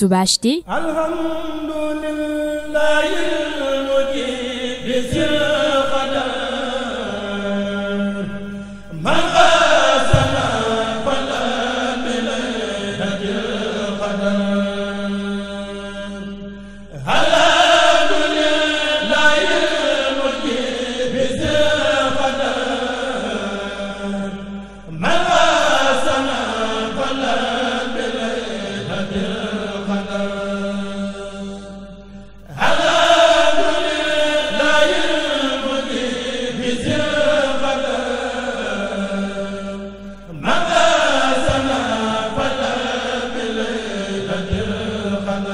Touba HD بسم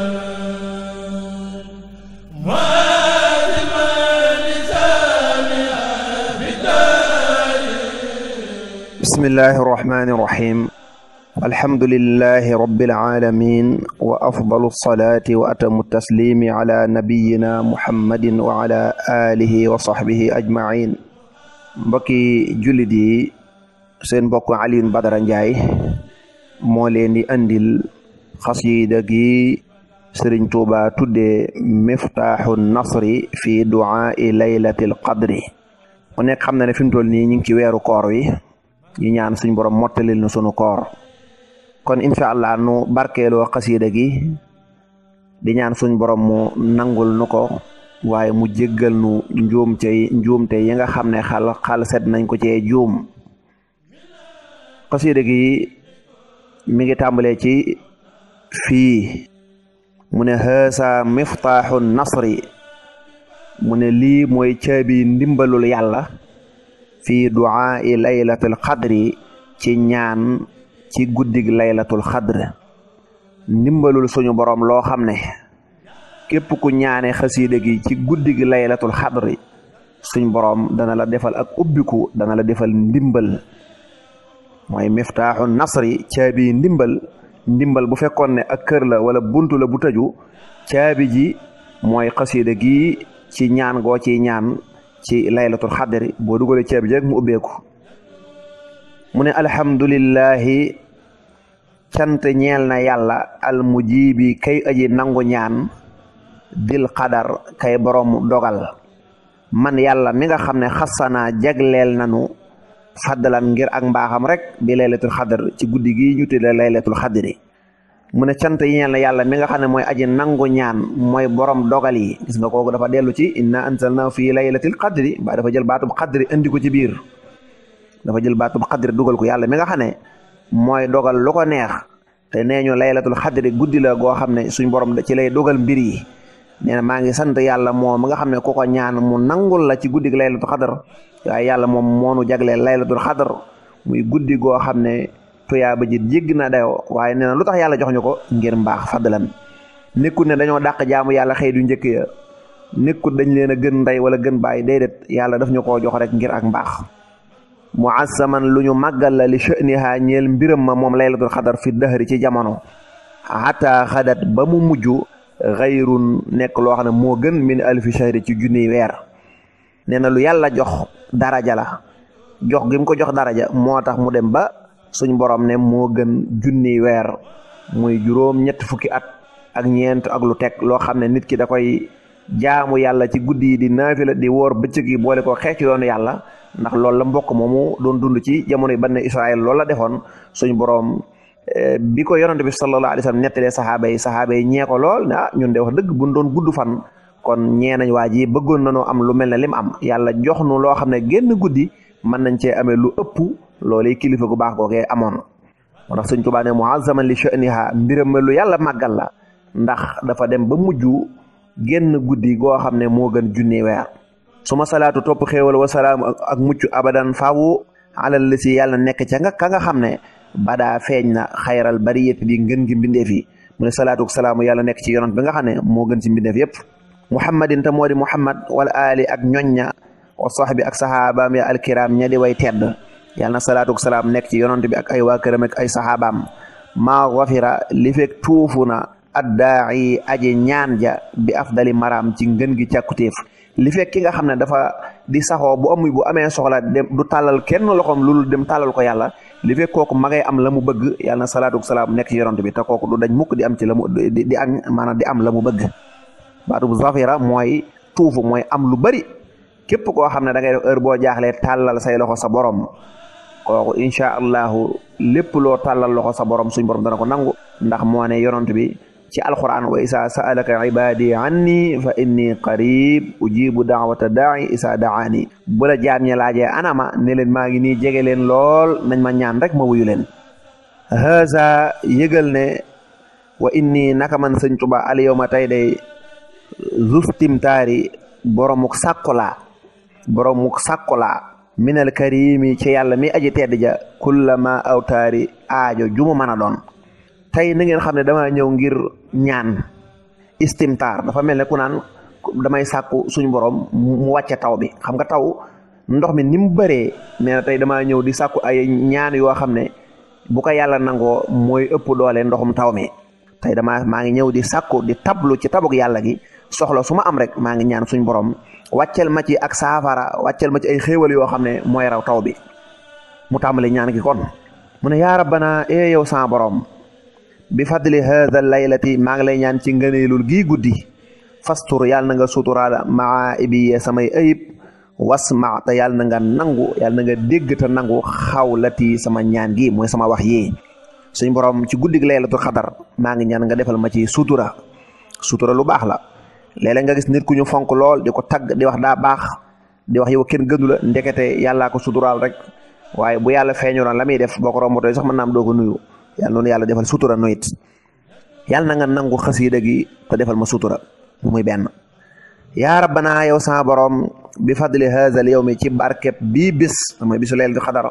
الله الرحمن الرحيم الحمد لله رب العالمين وأفضل الصلاة وأتم التسليم على نبينا محمد وعلى آله وصحبه أجمعين بكي جلدي سين seen علي بدران جاي Ndiaye أندل خصيدكي sëriñ tuuba tuddee miftaaxu nasri fi duaai laylatil qadri ku nekk xam na ne fi mu toll nii ñu ngi ci weeru koor wi ñu ñaan suñ borom mottalil na sunu koor kon incha allah nu barkeeloo xasiida gi di ñaan suñ borom mu nangul nu ko waaye mu jëggal nu njuum cay njuumte yi nga xam ne xal xal set nañ ko cee juum xasiida gi mi ngi tàmbalee ci fii mu ne haasa miftaaxu nasri mu ne lii mooy caabi ndimbalul yàlla fii duaa i laylatul xadri ci ñaan ci guddig laylatul xadr ndimbalul suñu boroom loo xam ne képp ku ñaane xasiida gi ci guddig laylatul xadri suñ boroom dana la defal ak ubbiku dana la defal ndimbal mooy miftaaxu nasri caabi ndimbal ndimbal bu fekkoon ne ak kër la wala buntu la bu tëju caabi ji mooy xasida gi ci ñaan goo ciy ñaan ci laylatul xadri boo dugalee caabi ji mu ubbeeku mu ne alhamdulillahi cant ñeel na yàlla al mujibi kay aji nangu ñaan dil xadar kay borom dogal man yàlla mi nga xam ne xasanaa jagleel nanu faddalan ngir ak mbaaxam rek bi laylatul xadar ci guddi gi ñu tudde laylatul xadri mu ne cant yi ñeel na yàlla mi nga xam ne mooy aji nangu ñaan mooy borom dogal yi gis nga kooku dafa dellu ci inna anzalnaahu fii laylatil qadri ba dafa jël baatub qadri indi ko ci biir dafa jël baatub qadri dugal ko yàlla mi nga xam ne mooy dogal lu ko neex te nee ñu laylatul xadri guddi la goo xam ne suñ borom ci lay dogal mbir yi neena maa ngi sant yàlla moom nga xam ne ku ko ñaan mu nangul la ci guddig laylatul xadar waaye yàlla moom moonu jagle laylatul xadar muy guddi goo xam ne tuyaaba ji jégg na dayoo waaye nee na lu tax yàlla jox ñu ko ngir mbaax fadlan nekkul ne dañoo dàq jaamu yàlla xëy du njëkk ya nekkul dañ leen a gën ndey wala gën bàyyi déedéet yàlla daf ñu koo jox rek ngir ak mbaax mu lu ñu màggal la li sha'niha ñeel mbiram ma moom laylatul xadar fi dahri ci jamono xataa xadat ba mu mujj xayrun nekk loo xam ne moo gën min alfi shahri ci junni weer nee na lu yàlla jox daraja la jox gi mu ko jox daraja moo tax mu dem ba suñ borom ne moo gën junni weer muy juróom ñett fukki at ak ñeent ak lu teg loo xam ne nit ki da koy jaamu yàlla ci guddi yi di la di woor bëccëg yi boole ko xeec yoonu yàlla ndax loolu la mbokk moomu doon dund ci jamono yi ban Israël loolu la defoon suñ borom. bi ko yonante bi sallallahu alayhi wa sallam nettalee saxaaba yi saxaaba yi ñee ko lool ah ñun de wax dëgg buñ doon gudd fan kon ñee nañ waa ji bëggoon nañoo am lu mel ne lim am yàlla jox nu loo xam ne génn guddi mën nañ cee amee lu ëpp loolu kilifa gu baax googee amoon moo tax sëñ Tuubaa ne muazzaman li sha'niha mbiram lu yàlla màggal la ndax dafa dem ba mujj génn guddi goo xam ne moo gën junni weer su ma salaatu topp xéewal wa salaam ak mucc abadan faawu alal la yàlla nekk ca nga ka nga xam ne badaa feeñ na xayral bari yëpp bi ngën gi mbindeef yi mu ne salaatu salaamu yàlla nekk ci yonant bi nga xam ne moo gën ci mbindeef yëpp muhammadin te moo di muhammad wala ali ak ñoñña wa bi ak sahabaam ya alkiram ña di way tedd yàlla na salaatu salaam nekk ci yonant bi ak ay waa këram ak ay sahabaam ma wafira li fekk na addaayi aji ñaan ja bi afdali maram ci ngën gi càkkutéef li ki nga xam ne dafa di saxoo bu amuy bu amee soxla dem du tàllal kenn loxoom loolu dem tàllal ko yàlla li fekk kooku ma ngay am la mu bëgg yàlla na salaatu salaam nekk ci bi ta kooku du dañ mukk di am ci la mu di di am di am la mu bëgg baatu bu zafira mooy tuufu mooy am lu bari képp koo xam ne da ngay def heure boo jaaxlee tàllal say loxo sa borom kooku incha allahu lépp loo tàllal loxo sa borom suñ borom dana ko nangu ndax moo ne yoront bi. ci alquran wa isa sa'alaka ibadi anni fa inni qarib ujibu da'wata da'i isa da'ani bu la jaam laaje anama ne magini, maa ni nii jege leen lool nañ ma ñaan rek ma wuyu len haza yegal ne wa inni naka man señ tuba al yawma tay day zuftim tari boromuk sakola boromuk sakola min al karimi ci yalla mi aji tedja kullama awtari aajo juma mana don tay na ngeen xamne ne ñew ngir ñaan istimtar dafa mel ku naan damay sakku suñu borom mu wacce taw bi xam nga taw ndox mi nim mu bëree tay dama ñew di sakku ay ñaan yo xamne ne bu ko yalla nango moy ëpp doole ndoxum taw mi tay dama ma ngi ñew di sakku di tablu ci tabuk yalla gi soxla suma am rek ma ngi ñaan suñu borom waccel ma ci ak safara waccel ma ci ay xewal yo xamne ne raw taw bi mu tàmbali ñaan gi kon mune ya rabbana e yow sa borom bi fadli hada laylati maa ngi lay ñaan ci ngëneelul gii guddi fastur yàlla na nga suturaal maa ibi samay ayib wasma te yàlla na nga nangu yàlla na nga dégg te nangu xawlati sama ñaan gi mooy sama wax yi suñ borom ci guddig laylatul xadar maa ngi ñaan nga defal ma ci sutura sutura lu baax la léeg nga gis nit ku ñu fonk lool di ko tagg di wax daa baax di wax yow kenn gënu la ndekete yàllaa ko suturaal rek waaye bu yàlla feeñoo la muy def boo ko rombatoo sax mën naa am ko nuyu yàlla noonu yàlla defal sutura noyit yàlla na nga nangu xasiida gi te defal ma sutura muy benn yaa rabbana yow sama borom bi fadli haza al yawmi ci barkeb bii bis mooy bisu leel di xadar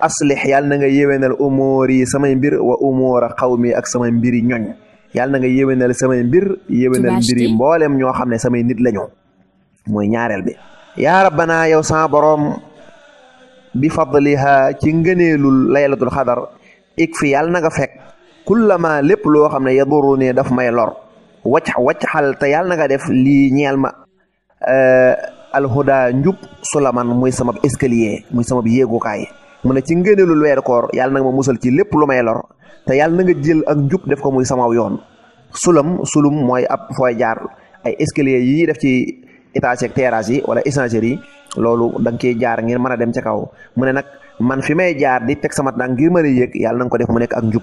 aslix yàlla na nga yéwénal umoor yi samay mbir wa umoora xawmi ak samay mbiri ñoñ yàlla na nga yéwénal samay mbir yéwénal mbiri mboolem ñoo xam ne samay nit lañu mooy ñaareel ik fi yàlla na nga fekk kullama lépp loo xam ne yaduru ne daf may lor wacc wacc xal te yàlla na nga def lii ñeel ma eh, alhuda njub sulaman muy sama escalier muy sama yéegukaay mu ne ci ngéneelul weer koor yàlla na nga ma musal ci lépp lu may lor te yàlla na jël ak njub def ko muy sama yoon sulam sulum mooy ab fooy jaar ay escalier yi def ci étage ak terrasse yi wala essanger yi loolu danga nga ciy jaar ngir mën a dem ci kaw mu ne nag man fi may jaar di teg sama tànk ngir mën a yëg yàlla ko def mu nek ak njub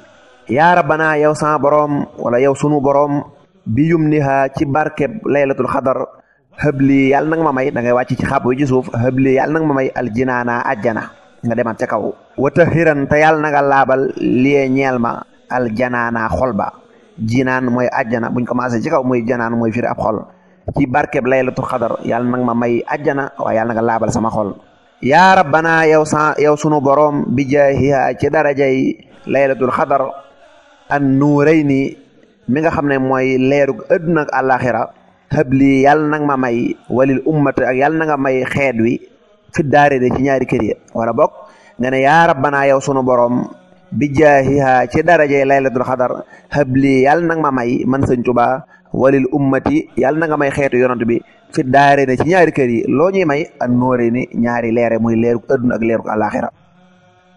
ya rabana yow sama borom wala yow sunu borom bi yumniha ci barke laylatul xadar habli yalla nang ma may da ngay wàcc ci xàpp wi ci suuf habli yalla nang ma may jinana ajjana nga demat ca kaw wata xiran ta yalla nga labal li ñeel ma al janana kholba jinan moy ajjana buñ commencé ci kaw moy janan moy fir ab xol ci barke laylatul yalla nang ma may wa yalla nga labal sama xol yaa rabbana yow sa yow sunu boroom bi jaahiha ci darajay laylatul xadar an nuurayni mi nga xam ne mooy leerug adduna ak àllaaxira habli yàlla nag ma may walil ummata ak yàlla na nga may xeet wi fi ci ñaari kër yi wala bokk nga ne yaa rabbana yow sunu boroom bi jaahiha ci darajay laylatul xadar habli yàlla nag ma may man sëñ walil ummati yàlla na nga may xeetu yonent bi fi daare ne ci ñaari kër yi loo ñuy may ak nóore ni ñaari leere muy leeruk adduna ak leeruk alaxira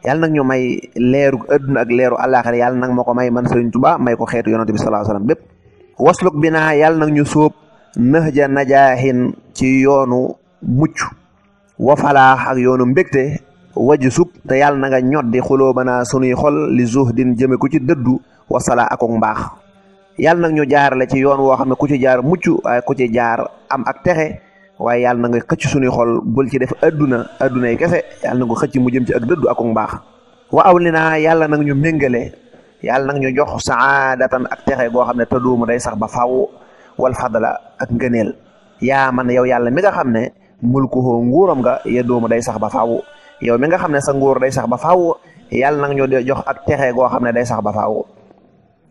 yàlla nag ñu may leeruk adduna ak leeru alaxira yàlla nag ma ko may man Sëriñ Tuubaa may ko xeetu yonent bi sallallahu alayhi wasallam bépp wasluk bi naa yàlla nag ñu sóob nahja najaahin ci yoonu mucc wa falaax ak yoonu mbégte waju sub te yàlla na nga ñoddi xuloo banaa sunuy xol li din jëme ko ci dëddu wasala akok mbaax yàlla nag ñu jaar ci yoon woo xam ne ku ci jaar mucc waaye jaar am ak texe waaye yàlla na nga xëcc suñuy xol bul ci def adduna adduna yi kese yàlla na xëcc mu jëm ci ak dëddu ak mbaax wa aw li naa yàlla nag ñu méngale yàlla nag ñu jox saadatan ak texe goo xam ne tëdduumu day sax ba faw wal ak ngëneel yaa man yow yàlla mi nga xam ne mulkuhu nguuram nga yedduumu day sax ba faw yow mi nga xam ne sa nguur day sax ba faw yàlla nag ñu jox ak texe goo xam ne day sax ba faw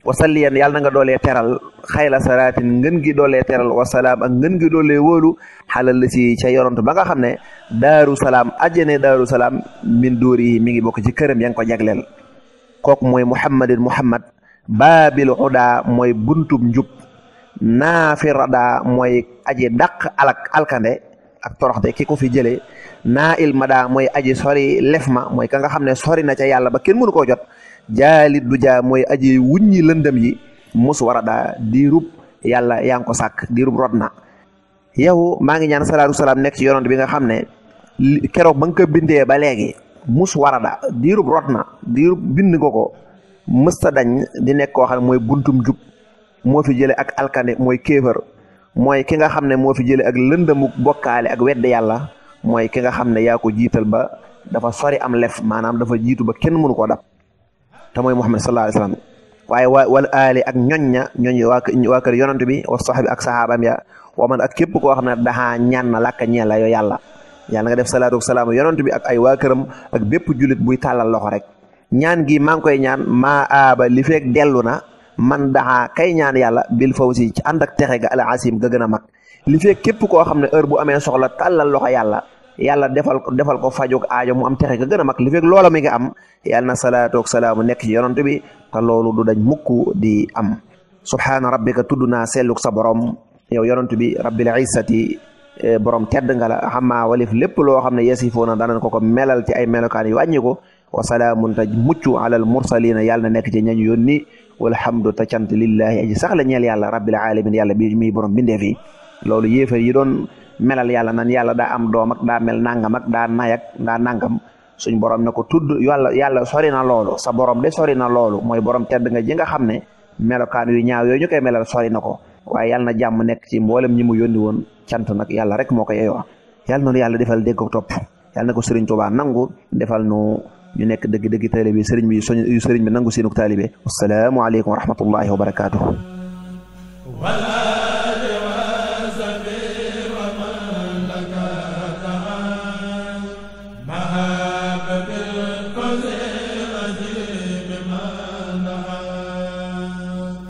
wasalliyan yàlla na nga doolee teral xayla saraatin ngën gi doolee teral wasalaam ak ngën gi doolee wóolu xalal la si ca ba nga xam ne daaru salaam ajjane daaru salaam min dóori mi ngi bokk ci këram ya nga ko jagleel kooku mooy muhammadin muhammad baabil xudaa mooy buntub njub naafirada mooy aji dàq alak alkande ak toroxte ki ko fi jële naa ilmada mooy aji sori lef ma mooy ka nga xam ne sori na ca yàlla ba kenn mënu koo jot jaali du jaa mooy aji wuññi lëndëm yi mus war a daa diirub yàlla yaa ngi ko sàkk diirub rot na yow maa ngi ñaan salaatu salaam nekk ci yonent bi nga xam ne keroog ba nga ko bindee ba léegi mus war a daa diirub rod na diirub bind ko ko mësta dañ di nekk koo xam ne mooy buntum jub moo fi jële ak alkane mooy kéefër mooy ki nga xam ne moo fi jële ak lëndëmu bokkaale ak wedd yàlla mooy ki nga xam ne yaa ko jiital ba dafa sori am lef maanaam dafa jiitu ba kenn mënu koo dab te mooy Muhammad sallallahu alayhi wa waaye wa wal aali ak ña ñoñ waa kër yonant bi wa bi ak saxaabaam ya wa man ak képp koo xam ne daxaa ñaan na làkk ñeel la yoo yàlla yàlla nga def salaatu salaam yonant bi ak ay waa këram ak bépp jullit buy tàllal loxo rek ñaan gi maa ngi koy ñaan maa aaba li feek dellu na man daxaa kay ñaan yàlla bil si ci ànd ak texe ga al asim ga gën a mag li képp koo xam ne heure bu amee soxla tàllal loxo yàlla yàlla defal ko defal ko fajug aajo mu am texe ga gën mak mag li fekk loola mi ngi am yàlla na salaatu ak salaamu nekk ci yonent bi te loolu du dañ mukk di am subhaana rabbika tudd naa selluk sa borom yow yonent bi rabbil izzati e, borom tedd nga la xamaa walif lépp loo xam ne yasifoona danañ ko ko melal ci ay melokaan yu wàññi ko wa salaamun ta mucc alal mursalina yàlla na nekk ci ñañu yónni walhamdu ta cant lillahi aji sax la ñeel yàlla rabbil alamin yàlla bi muy borom bindee fi loolu yéefar yi doon melal yalla nan yalla da am dom ak da mel nangam ak naya nay ak daa nangam suñ borom nako tudd yalla yalla sori na lolu sa borom de sori na lolu moy borom tedd nga ji nga xamne melokan yu ñaaw yoy ñukay melal sori nako waye yalla na jamm nek ci mbolam ñi mu rek moko ko yeyoo non noonu defal dégg top topp nako na Serigne Touba nangu defal nu ñu nek dëgg-dëgg talibé Serigne bi soñ Serigne bi nangu seenu talibé assalamu alaykum wa rahmatullahi wa